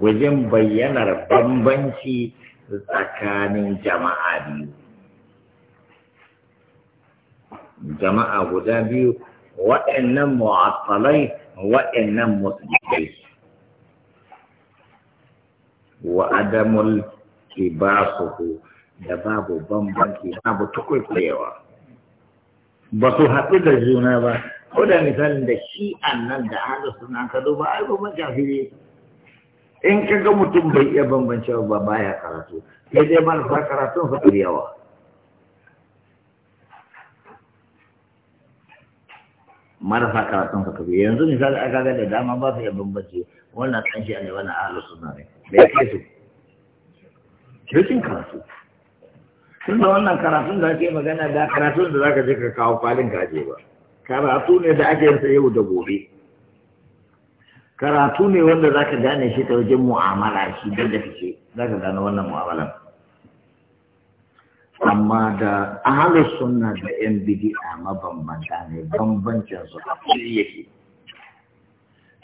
wajen bayyanar bambanci tsakanin jama'a biyu jama'a guda biyu waɗannan mu'attalai waɗannan musulmai wa adamul kibasuhu da babu bambanci babu tukurkurewa ba su haɗu da juna ba ko da misalin da shi nan da ahlus suna ka duba ai ba ne. in ka ga mutum bai iya bambance ba baya karatu sai dai marasa karatun su yawa marasa karatun ka kafi yanzu misali aka ga da dama ba su iya bambance wannan ɗan shi ne wannan ahalus suna ne da ya ke su kirkin karatu tun da wannan karatun da ake magana da karatun da za ka je ka kawo falin kaje ba karatu ne da ake yin sa yau da gobe karatu ne wanda zaka gane shi ta wajen mu'amala shi da da fice zaka gane wannan mu'amalan amma da ahalus sunna da yan bidia mabambanta ne bambancin su a fili yake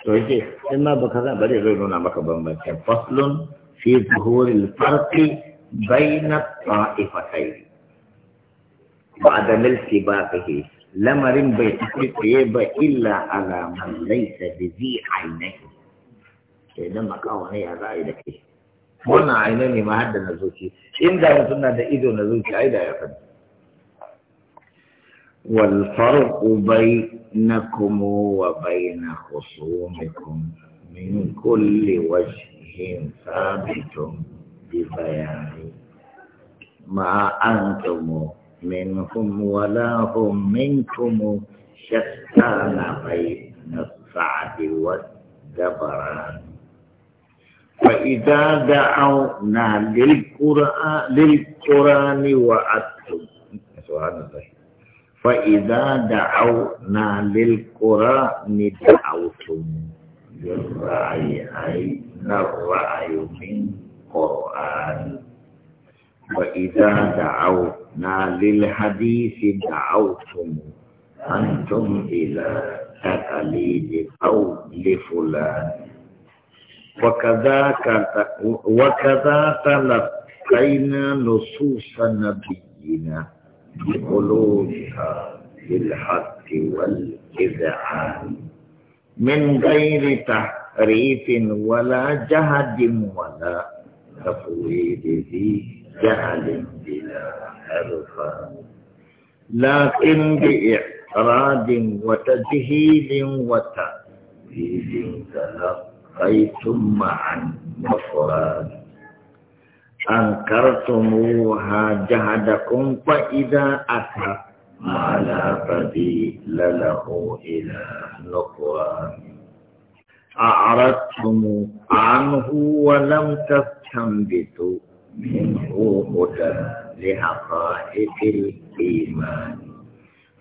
to yake in ma baka zan bari zai nuna maka bambanci faslun fi zuhuril farqi bayna ba da milki kake lamarin bai tafi tsaye ba illa alaman laisa da zi ainihi sai don makawa ne ya za a yi da ke wannan ainihi ne ma hadda na zuci inda mutum na da ido na zuci ai da ya fadi والفرق بينكم وبين خصومكم من كل وجه ثابت ببيان ما أنتم منهم ولا هم منكم شتان بين الصعد والدبران فإذا دعونا للقرآن, للقرآن وأتوا فإذا دعونا للقرآن دعوتم للرأي أي الرأي من قرآن وإذا دعوت للحديث دعوتم أنتم إلى تقليد أو لفلان وكذا تلقينا نصوص نبينا بقلوبها بالحق والإذعان من غير تحريف ولا جهد ولا تفويض ذي جعل بلا حرفا لكن بإعراض وتجهيل وتأويل تلقيتم معا مفراد أنكرتموها جهدكم فإذا أتى ما لا بديل له إلى نقران أعرضتم عنه ولم تستنبتوا منه هدى لحقائق الإيمان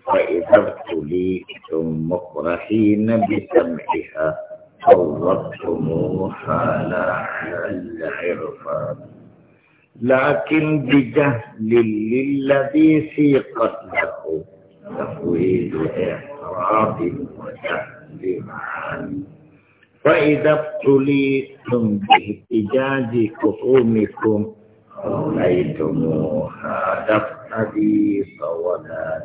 فإذا ابتليتم مقرحين بسمعها قربتموها لا العرفان لكن بجهل للذي في قتله تفويض إعراض وجهل معاني فإذا ابتليتم باحتجاج خصومكم أوليتموها تقتدي صولا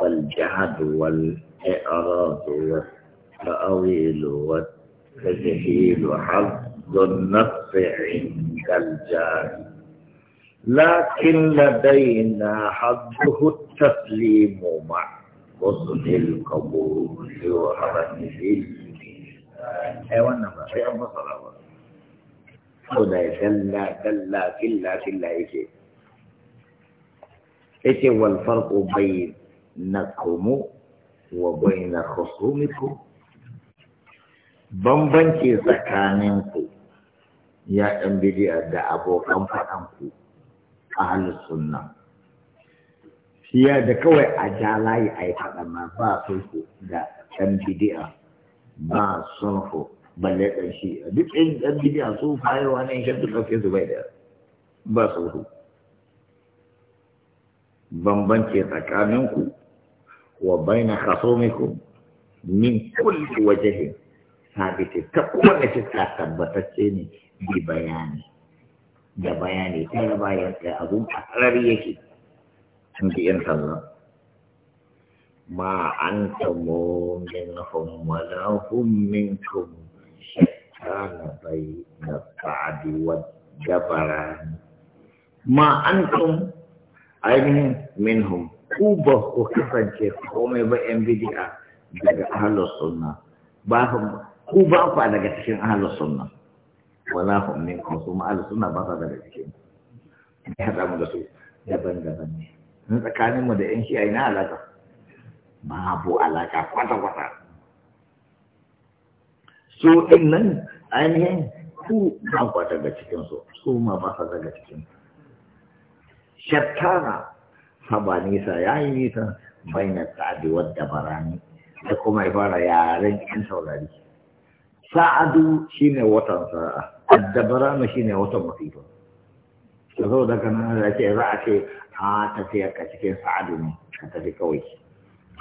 فالجهد والإعراض والتأويل والتجهيل حظ النفس عند الجاهل لكن لدينا حظه التسليم مع حسن القبول وحرمه الإنسان. أيوة أنا ما أيوة saboda ya dalla dalla filla filla yake yake wal farqu bainakum wa baina khusumikum bambanci tsakaninku ya ɗan bidiya da abokan faɗanku a halin sunna Ya da kawai a ja layi a yi faɗa ma ba ku da ɗan bidiya ba ku. balle ɗan shi duk ɗin ɗan bidiya su fayewa ne shan duk ɗauke su bai da ba su sauru bambance tsakaninku wa baina khasomikum min kulli wajhin sabiti ta kowane fiska tabbatacce ne bi bayani da bayani ɗaya bayan ɗaya abun a tsarar yake sun ji yan sallah ma an tamo min hum wala hum minkum bai wa بين الصعد والجبران ما أنتم ku ba كوبا وكفن شيخ ba بأم بدئة daga ahalus sunna ba ku ba ku daga cikin ahalus sunna wala hum min kuma ahalus sunna ba sa daga cikin ne hada mu da su daban daban ne mun tsakanin mu da yan shi'a na alaka babu alaka kwata kwata su din nan ainihin su an kwata daga cikinsu su ma ba sa daga cikin shattara haba nisa ya yi nisa bai na tsadi wadda barani da kuma ya fara yaren yan saurari sa'adu shine watan sa'a shi shine watan masifa da zo daga nan da ce za a ce a tafiya ka cikin sa'adu ne ka tafi kawai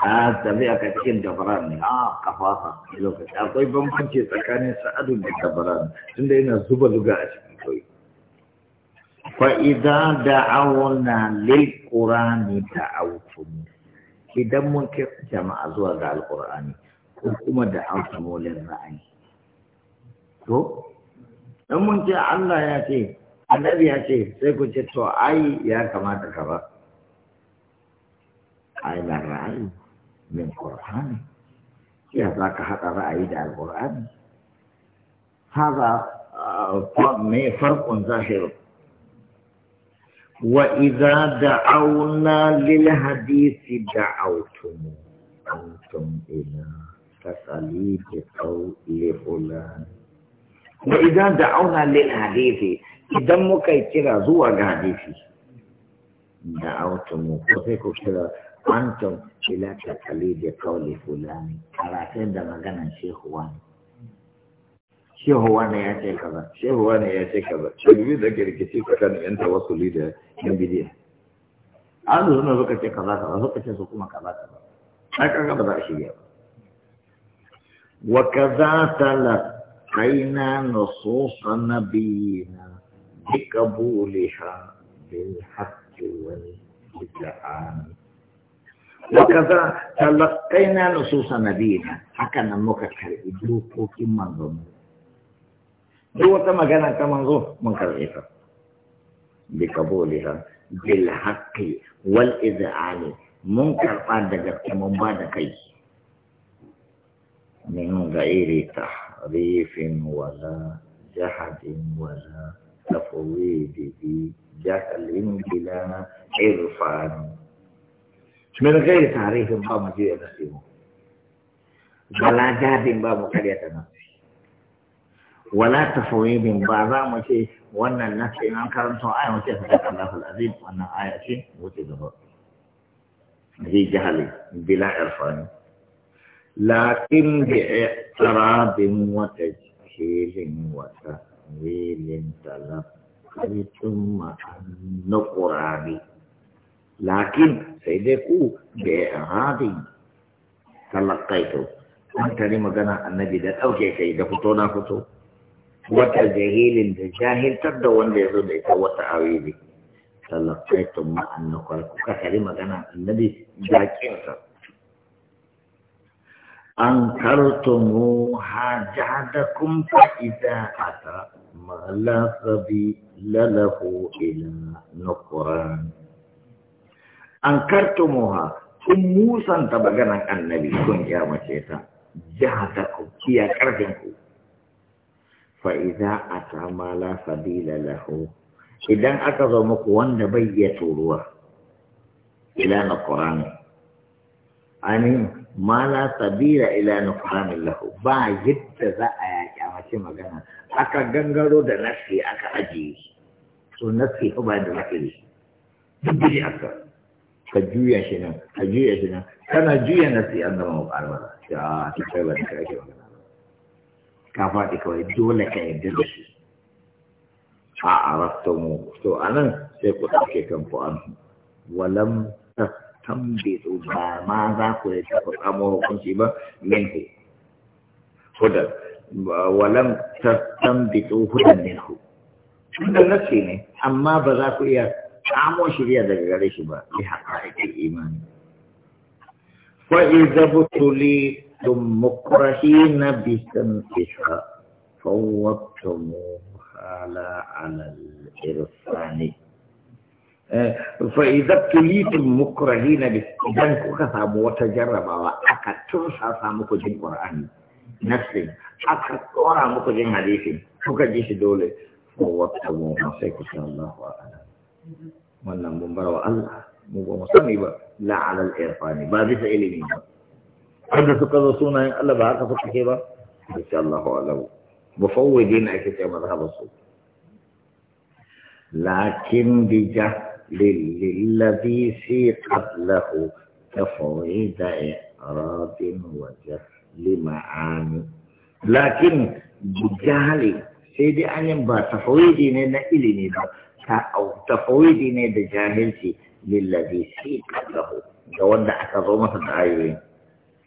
a ah, tafi aka cikin dabaran ne a ah, kafasa lokaci akwai bambanci tsakanin sa'adun da dabaran tunda yana zuba luga a cikin kawai fa'iza da awona lilkurani da autuni idan mun kai jama'a zuwa ga alkur'ani ko kuma da autumolin ra'ayi to dan mun ce Allah ya ce annabi ya ce sai ku ce to ai ya kamata ka ba ai na ra'ayi من القرآن يا ذاك هذا رأي القرآن هذا آه، فرق ظاهر وإذا دعونا للحديث دعوتم أنتم إلى تقليد أو لفلان وإذا دعونا للحديث إذا مكيت كرا حديثي دعوتم وكيف كرا أنتم إلى تقليد قول فلان أراتين ده مغانا شيخ واني شيخ واني يأتي كذا شيخ واني يأتي كذا شيخ بيدا كده كتير كان أنت وصل لي ده كان بديه أنا هنا زوجة كذا كذا زوجة سكوما كذا كذا هكذا بدأ شيء وكذا تلقينا نصوص نبينا بقبولها بالحق والإذعان وكذا تلقينا نصوص نبينا حكى مكتر إدوكو كم منظوم دو تما كان كمنظوم منكرئة بقبولها بالحق والإذعان منكر قد كم بعد كي من غير تحريف ولا جحد ولا تفويض بجهل بلا عرفان من غير تعريف ما مجيء نسيمه ولا جهد ما مكرية نفسه ولا تفويض بعض ما شيء وأن النفس إن أنكرت آية ما شيء صدق الله العظيم وأن آية شيء وجده هي جهل بلا عرفان لكن باعتراض وتجهيل وتأويل تلقيتم عن القرآن لكن سيدكو بإعراض تلقيته أنت لما كان النبي ده أو شيء شيء فتونا فتو وتجاهيل الجاهل تبدأ وان يزود إيتا وتعويلي تلقيته مع النقل ما كان النبي جاكينسا أنكرتموها جعدكم فإذا أتى ما لا سبيل له إلى نقران an sun musan musanta baganan annabi kun mace ta jihata ku kiya karfin ku fa idza ata ma la sabila lahu idan aka zo muku wanda bai iya turuwa ila na ani ma la sabila ila na lahu ba yadda za a yaki a mace magana aka gangaro da nasi aka ajiye to nasi ba da nasi duk aka ka juya shi nan ka juya shi nan kana juya na sai an zama mukarmar ya ta kai ba ka ake magana ka faɗi kawai dole ka yarda da shi a mu. to a nan sai ku ɗauke kan ku an walam ta tambaye ba ma za ku yi ta faɗa hukunci ba minhu hudan walam ta tambaye hudan minhu hudan nasi ne amma ba za ku iya kamo shirya daga gare shi ba li haƙa'iƙin imani wa idza butuli tum mukrahina bi tanfiha fawwabtum ala ala al-irfani eh, fa idza tulitum mukrahina bi idan kuka samu wata jarrabawa aka tursa samu ku jin aka tsora muku jin hadisi kuka ji shi dole fawwabtum sai ku san wannan mun bar wa Allah mu ba mu sani ba la alal irfani ba bisa ilimi ba wanda suka zo sunayen Allah ba haka suka ke ba insha Allah alam mufawwidin ake ce mazhabar su lakin bija للذي سيقت له تفويض إعراض وجهل معاني لكن بجهل سيدي أنا با تفويضي لنا إلي نبا أو تفويض نيد جاهلتي للذي سيك له جودع كظومة الآيوين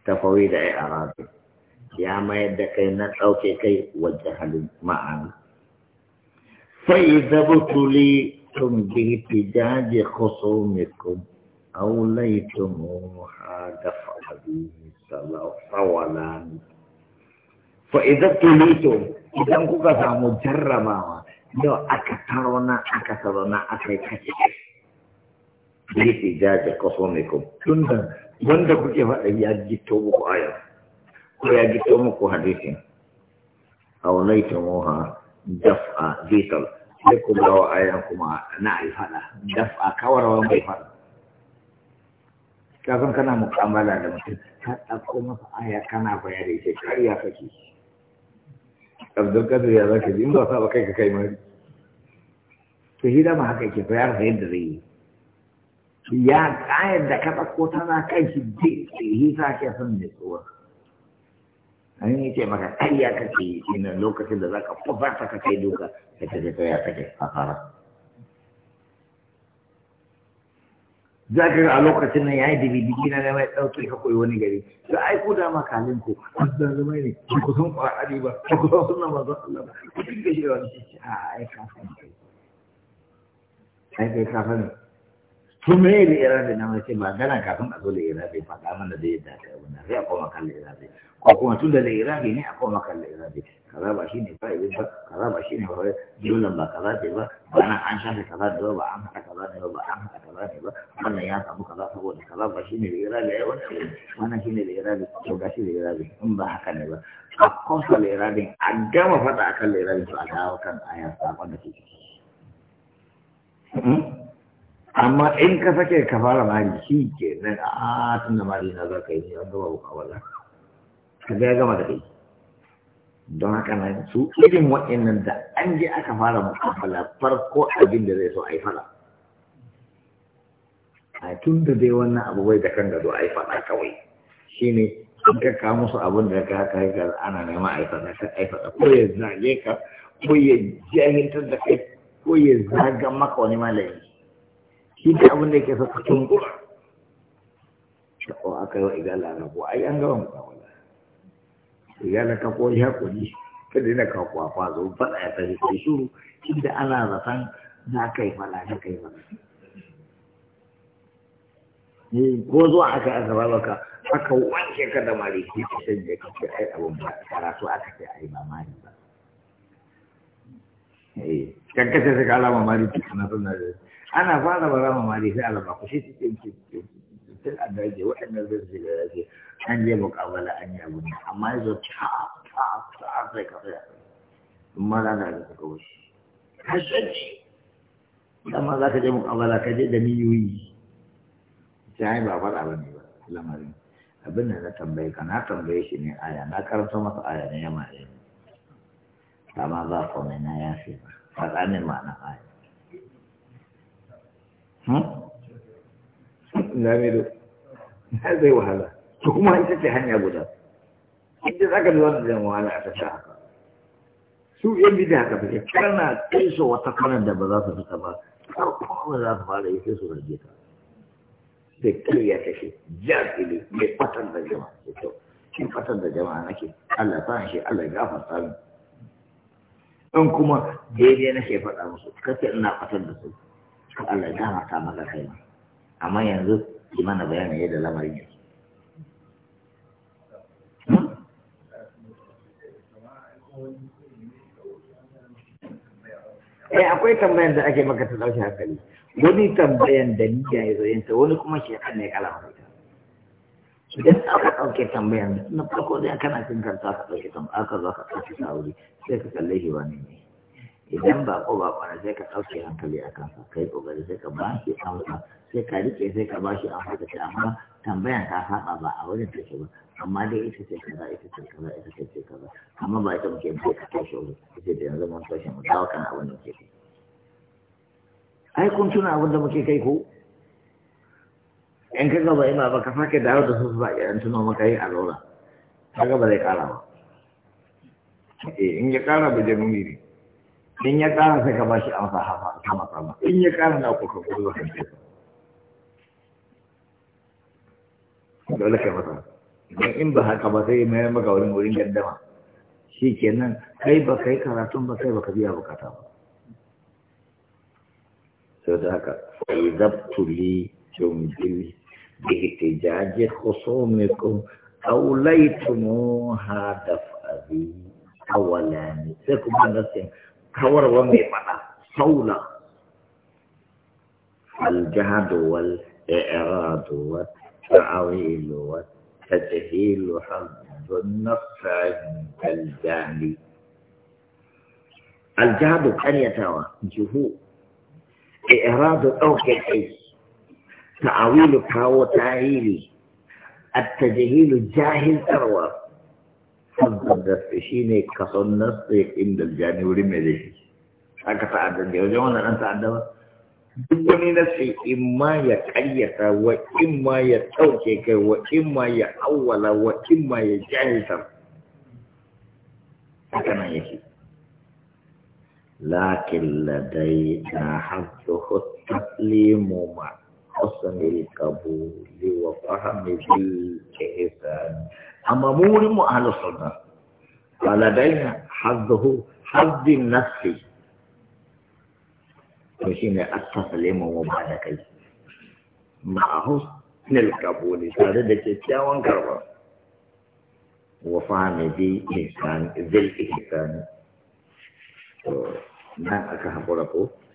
تفويض أي أراضي يا ما يدك ان اوكي كي كي وجهل معا فإذا ابتليتم باحتجاج خصومكم أوليتموها دفع به صولان فإذا ابتليتم إذا كنت مجرما yau aka tarona aka saro aka yi kace liti jaja kaso mai kuma tun da wanda kuke faɗa ya gito muku ayar ko ya gito muku hadisin a ita moha daf'a zital sai ku wa ayar kuma na alfada daf'a kawarwa bai faɗa kafin kana mukamala da mutum ka ɗauko masa aya kana da ita kariya kake abdulkadir ya zaka ji in ba sa ba kai ka kai mari to shi haka ke fayar da yadda zai yi ya kayar da ka ɗauko tana kai shi shi sa ke son da tsohon an yi ce maka karya kake yi lokacin da za ka fufa ka kai doka ka ce ta ya kake a fara za ka ga a lokacin nan ya yi dibidiki na nema ya ɗauke ka koyi wani gari to ai ko da ma kalin ko da zama ne ba ku san ƙwarari ba ba ku san sunan ba Allah ba ku dinga shi wani shi a ai ka san ai kai ka san kuma me ne irabi na mai magana kafin a zo da irabi faɗa mana da yadda ta yi wannan sai a koma kan da irabi ko kuma tun da irabi ne a koma kan da irabi kaza ba shine fa'ili ba kaza ba shine ba dole ba kaza ce ba ba nan an shafe kaza da ba an haka kaza ne ba an haka kaza ne ba wannan ya samu kaza saboda kaza ba shine da irabi ai wannan wannan shine da irabi to ga shi da irabi in ba haka ne ba a kosa da a gama fada akan da irabin to a dawo kan aya sakon da ke ciki hmm? amma in ka sake ka fara mari shi ke na a da mari na za ka yi an gaba buka wala ka ga gama da kai don haka na su irin wa'annan da an je aka fara mukabala farko abin da zai so a yi fara a tun da dai wannan abu bai da kan zo a yi fara kawai shine in ka kawo musu abin da ka haka haka ana nema a yi fada ka a yi fada ko ya zage ka ko ya jahintar da kai ko ya zaga maka wani malami shi ne abin da yake sa ka tunkura ko aka yi wa igala na ko ai an gawa mu wala. igala ka ko ya kuli kada dina ka kwa kwa zo fada ya tafi kai shuru inda ana rasan na kai fala na kai kai ni eh, ko zuwa aka aka ba ka aka wanke ka da mari ki san da kake ai abun ba karatu aka ce ai ba mari ba eh kanka sai ka alama mari ki na sanar da ana fara barama ma dai sai alaba ku shi cikin cikin a daji waɗannan zai da yake an je mukabala an yi abin amma ya zo ta ta ta sai ka tsaya in ma za ka ga ka wuce kasance dama za ka je mukabala ka je da miliyoyi sai ba faɗa ba ne ba lamarin abin da na tambaye ka na tambaye shi ne aya na karanta masa aya ne ya ma'ayi amma ba kome na ya fi ba faɗa ma'ana aya Hmm? na mero har zai wahala to kuma ita ce hanya guda inda za ka zuwa da zan wahala a tashi haka su yan bi da haka fice kana kai so wata kanan da ba za su fita ba farko ba za su fara yi sai su rage ta da kai ya kashe jahili mai fatan da jama'a da kyau shi fatan da jama'a nake Allah ta shi Allah ya gafarta min in kuma daidai nake faɗa musu kace ina fatan da su to Allah ya dama ta maka kai ma amma yanzu ki mana bayani yadda lamarin yake hmm? Eh akwai tambayan da ake maka ta dauki hankali. Wani tambayan da niyya ya zoyenta wani kuma shi kan ne kalamar ta. Idan aka ɗauke tambayan na farko dai kana cin karta ka ɗauke tambayan aka zo ka ɗauke sa'uri sai ka kalle shi wani ne. idan ba ko ba kwana sai ka ɗauke hankali a kansa kai ƙoƙari sai ka ba shi amsa sai ka riƙe sai ka ba shi amsa ka ce amma tambayan ka saba ba a wurin take ba amma dai ita ce kaza ita ce kaza ita ce ce kaza amma ba ita muke ba ka tashi wuri ita ce yanzu mun tashi mu dawo kan abin da muke kai ai kun tuna abin da muke kai ko in ka gaba ina ba ka sake dawo da su ba idan tuno maka yi a zaura ka gaba zai kara ba eh, in ya kara ba januni ne in ya ƙara sai ka bashi amsa hafa sama sama in ya ƙara na kuka kuzo kan ce dole ka masa idan in ba haka ba sai mayar maka wurin wurin gaddama shi kenan kai ba kai karatun ba kai ba ka biya bukata ba sau da haka zabtuli jumbil bihtijaji ha da daf'abi awalani sai kuma nasin kawarwa mai faɗa الجهد والإعراض والتعويل والتجهيل حظ النص عند الجهل الجهد كان يتوى جهو إعراض أوكي تعويل كاو تعيلي التجهيل جاهل تروى kankan gaske shi ne kason nasu inda jani wurin mai zai aka ta'addan da wajen wannan an ta'adda ba duk wani nasu in ma ya ƙayyata, wa in ma ya ɗauke kai wa in ma ya awwala wa in ma ya jahilta haka nan yake lakin ladai na haɗu taslimu ma حسن القبول وفهم بالإحسان أما مولم أهل السنة فلدينا حظه حظ النفس وشين أستسلم وما مع حسن للقبول هذا تتاوان كربا وفهم بالإحسان بالإحسان ما أكهب لكم